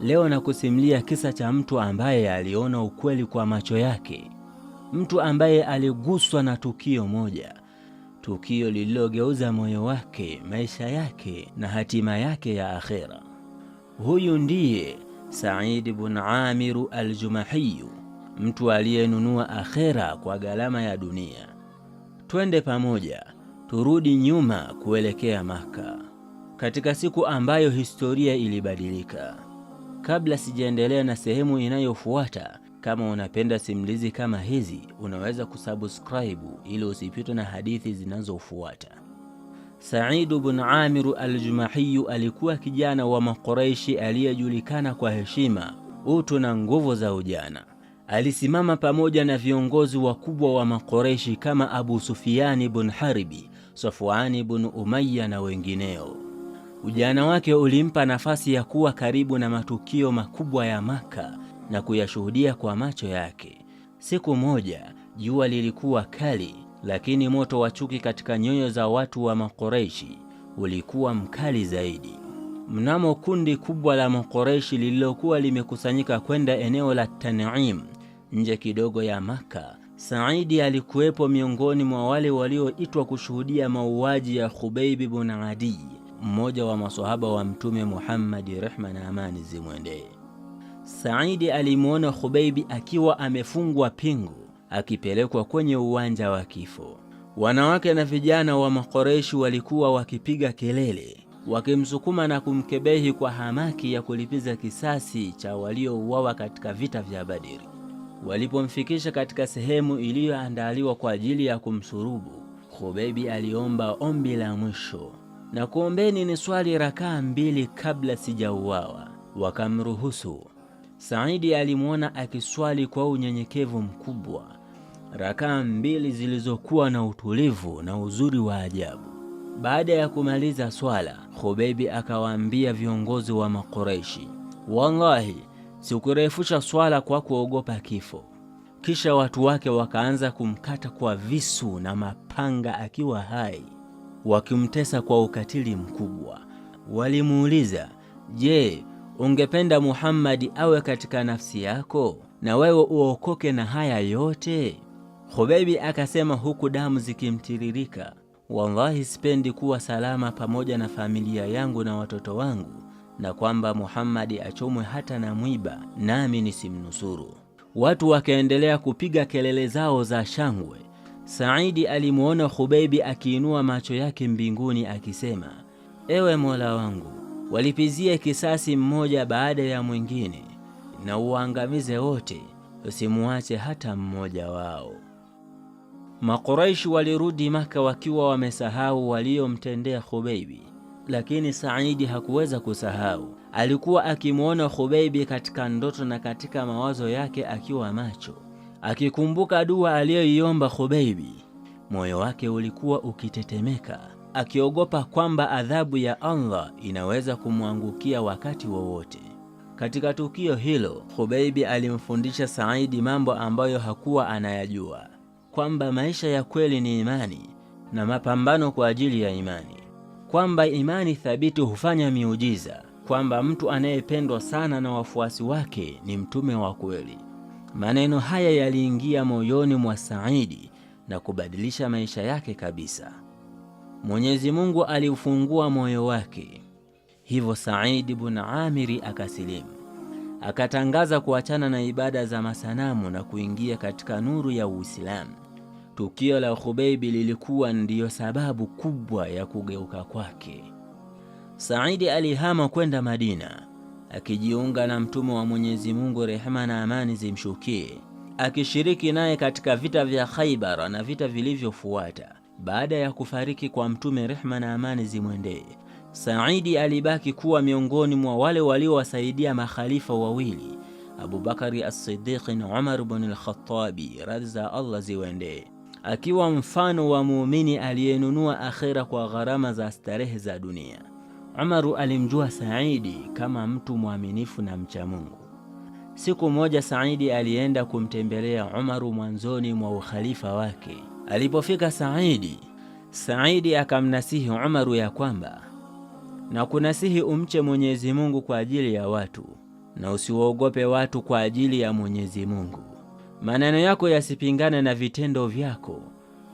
Leo nakusimulia kisa cha mtu ambaye aliona ukweli kwa macho yake, mtu ambaye aliguswa na tukio moja, tukio lililogeuza moyo wake, maisha yake na hatima yake ya akhera. Huyu ndiye Said bun Amiru Aljumahiyu, mtu aliyenunua akhera kwa gharama ya dunia. Twende pamoja turudi nyuma kuelekea Maka, katika siku ambayo historia ilibadilika. Kabla sijaendelea na sehemu inayofuata, kama unapenda simulizi kama hizi, unaweza kusubscribe ili usipitwe na hadithi zinazofuata. Saidu bin Amiru al alikuwa kijana wa Makuraishi aliyejulikana kwa heshima, utu na nguvu za ujana. Alisimama pamoja na viongozi wakubwa wa Makuraishi kama Abu Sufiani bin Harbi, Safwani bin Umayya na wengineo. Ujana wake ulimpa nafasi ya kuwa karibu na matukio makubwa ya Maka na kuyashuhudia kwa macho yake. Siku moja jua lilikuwa kali, lakini moto wa chuki katika nyoyo za watu wa Makoreshi ulikuwa mkali zaidi. Mnamo kundi kubwa la Makoreshi lililokuwa limekusanyika kwenda eneo la Tanaim nje kidogo ya Maka, Saidi alikuwepo miongoni mwa wale walioitwa kushuhudia mauaji ya khubeibi bin Adi mmoja wa maswahaba wa Mtume Muhammad, rehma na amani zimwendee. Saidi alimwona Khubaibi akiwa amefungwa pingu akipelekwa kwenye uwanja wa kifo. Wanawake na vijana wa Makoreshi walikuwa wakipiga kelele wakimsukuma na kumkebehi kwa hamaki ya kulipiza kisasi cha waliouawa katika vita vya Badiri. Walipomfikisha katika sehemu iliyoandaliwa kwa ajili ya kumsurubu, Khubeibi aliomba ombi la mwisho na kuombeni swali rakaa mbili kabla sijauawa. Wakamruhusu. Saidi alimwona akiswali kwa unyenyekevu mkubwa rakaa mbili zilizokuwa na utulivu na uzuri wa ajabu. Baada ya kumaliza swala, Khubeibi akawaambia viongozi wa Makureishi, wallahi sikurefusha swala kwa kuogopa kifo. Kisha watu wake wakaanza kumkata kwa visu na mapanga akiwa hai wakimtesa kwa ukatili mkubwa. Walimuuliza, je, ungependa Muhammadi awe katika nafsi yako na wewe uokoke na haya yote? Hubeibi akasema huku damu zikimtiririka, wallahi, sipendi kuwa salama pamoja na familia yangu na watoto wangu, na kwamba Muhammadi achomwe hata na mwiba, nami nisimnusuru. Watu wakaendelea kupiga kelele zao za shangwe Saidi alimwona Khubeib akiinua macho yake mbinguni akisema, ewe Mola wangu, walipizie kisasi mmoja baada ya mwingine na uangamize wote, usimuache hata mmoja wao. Makuraishi walirudi Maka wakiwa wamesahau waliomtendea Khubeibi, lakini Saidi hakuweza kusahau. Alikuwa akimwona Khubeibi katika ndoto na katika mawazo yake akiwa macho. Akikumbuka dua aliyoiomba khubeibi moyo wake ulikuwa ukitetemeka, akiogopa kwamba adhabu ya Allah inaweza kumwangukia wakati wowote. Katika tukio hilo, khubeibi alimfundisha Saidi mambo ambayo hakuwa anayajua, kwamba maisha ya kweli ni imani na mapambano kwa ajili ya imani, kwamba imani thabiti hufanya miujiza, kwamba mtu anayependwa sana na wafuasi wake ni mtume wa kweli. Maneno haya yaliingia moyoni mwa Saidi na kubadilisha maisha yake kabisa. Mwenyezi Mungu aliufungua moyo wake, hivyo Saidi bin Amiri akasilimu, akatangaza kuachana na ibada za masanamu na kuingia katika nuru ya Uislamu. Tukio la Khubeibi lilikuwa ndiyo sababu kubwa ya kugeuka kwake. Saidi alihama kwenda Madina akijiunga na mtume wa Mwenyezi Mungu, rehema na amani zimshukie, akishiriki naye katika vita vya Khaibar na vita vilivyofuata baada ya kufariki kwa mtume, rehema na amani zimwendee. Saidi alibaki kuwa miongoni mwa wale waliowasaidia makhalifa wawili Abubakari as-Siddiq na Umar ibn al-Khattabi, radhi za Allah ziwendee, akiwa mfano wa muumini aliyenunua akhera kwa gharama za starehe za dunia. Umaru alimjua Saidi kama mtu mwaminifu na mcha Mungu. Siku moja Saidi alienda kumtembelea Umaru mwanzoni mwa ukhalifa wake. Alipofika Saidi, Saidi akamnasihi Umaru ya kwamba na kunasihi umche Mwenyezi Mungu kwa ajili ya watu na usiwaogope watu kwa ajili ya Mwenyezi Mungu. Maneno yako yasipingane na vitendo vyako,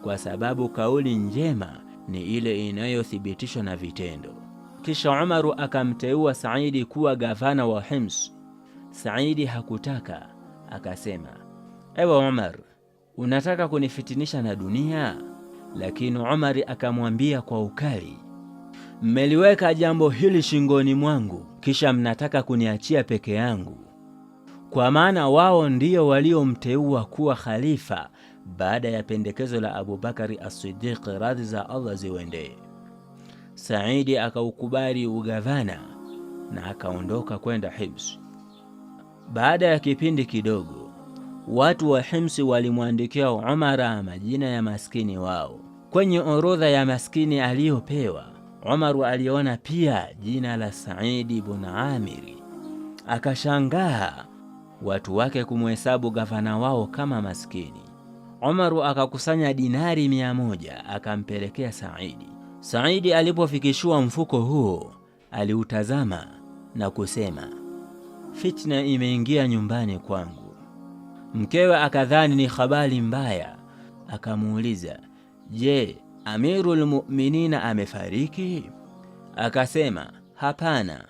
kwa sababu kauli njema ni ile inayothibitishwa na vitendo. Kisha Umaru akamteua Saidi kuwa gavana wa Hims. Saidi hakutaka, akasema, ewe Umar, unataka kunifitinisha na dunia? Lakini Umari akamwambia kwa ukali, mmeliweka jambo hili shingoni mwangu, kisha mnataka kuniachia peke yangu? Kwa maana wao ndio waliomteua kuwa khalifa baada ya pendekezo la Abubakari As-Siddiq, radhi za Allah ziwendee. Saidi akaukubali ugavana na akaondoka kwenda Hims. Baada ya kipindi kidogo, watu wa Hims walimwandikia Umara majina ya maskini wao kwenye orodha ya maskini aliyopewa. Umaru aliona pia jina la Saidi ibn Amiri, akashangaa watu wake kumhesabu gavana wao kama maskini. Umaru akakusanya dinari mia moja akampelekea Saidi. Saidi alipofikishiwa mfuko huo aliutazama na kusema, fitna imeingia nyumbani kwangu. Mkewe akadhani ni habari mbaya, akamuuliza, je, Amirul Mu'minina amefariki? Akasema, hapana.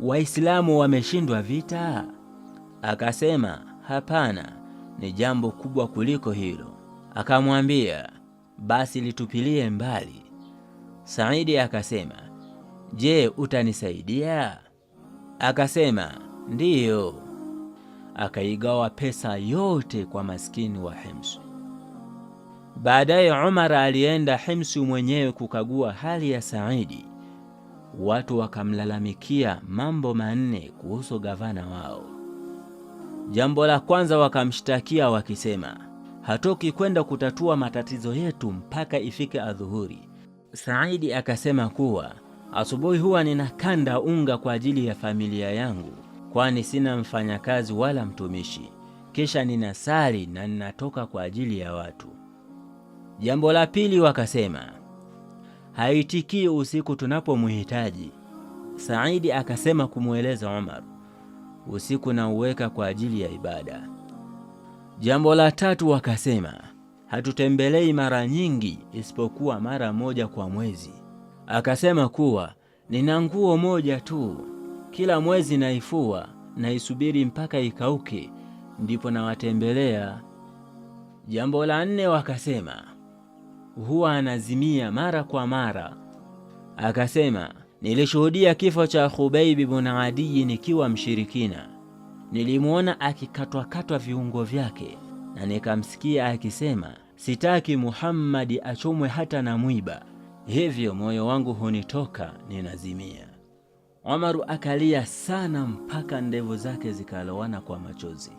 Waislamu wameshindwa vita? Akasema, hapana, ni jambo kubwa kuliko hilo. Akamwambia, basi litupilie mbali Saidi akasema, je, utanisaidia? Akasema ndiyo. Akaigawa pesa yote kwa maskini wa Himsi. Baadaye Umar alienda Himsi mwenyewe kukagua hali ya Saidi. Watu wakamlalamikia mambo manne kuhusu gavana wao. Jambo la kwanza wakamshtakia wakisema, hatoki kwenda kutatua matatizo yetu mpaka ifike adhuhuri. Saidi akasema kuwa asubuhi huwa ninakanda unga kwa ajili ya familia yangu, kwani sina mfanyakazi wala mtumishi, kisha ninasali na ninatoka kwa ajili ya watu. Jambo la pili, wakasema haitikii usiku tunapomhitaji. Saidi akasema kumweleza Omar, usiku nauweka kwa ajili ya ibada. Jambo la tatu, wakasema hatutembelei mara nyingi isipokuwa mara moja kwa mwezi. Akasema kuwa nina nguo moja tu, kila mwezi naifua, naisubiri mpaka ikauke, ndipo nawatembelea. Jambo la nne, wakasema huwa anazimia mara kwa mara. Akasema nilishuhudia kifo cha Khubaibi bin Adiyi nikiwa mshirikina, nilimwona akikatwakatwa viungo vyake na nikamsikia akisema, sitaki Muhammadi achomwe hata na mwiba, hivyo moyo wangu hunitoka ninazimia. Omaru akalia sana mpaka ndevu zake zikalowana kwa machozi.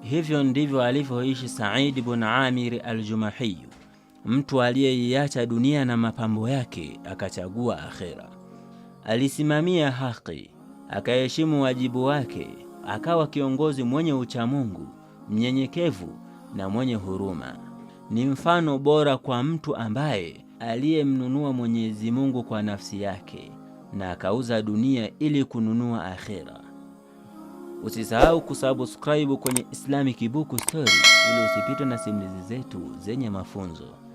Hivyo ndivyo alivyoishi Saidi Amir Amiri jumahiyu mtu aliyeiacha dunia na mapambo yake akachagua akhera. Alisimamia haki, akaheshimu wajibu wake, akawa kiongozi mwenye uchamungu mnyenyekevu na mwenye huruma. Ni mfano bora kwa mtu ambaye aliyemnunua Mwenyezi Mungu kwa nafsi yake na akauza dunia ili kununua akhera. Usisahau kusubscribe kwenye Islamic Book Story ili usipitwe na simulizi zetu zenye mafunzo.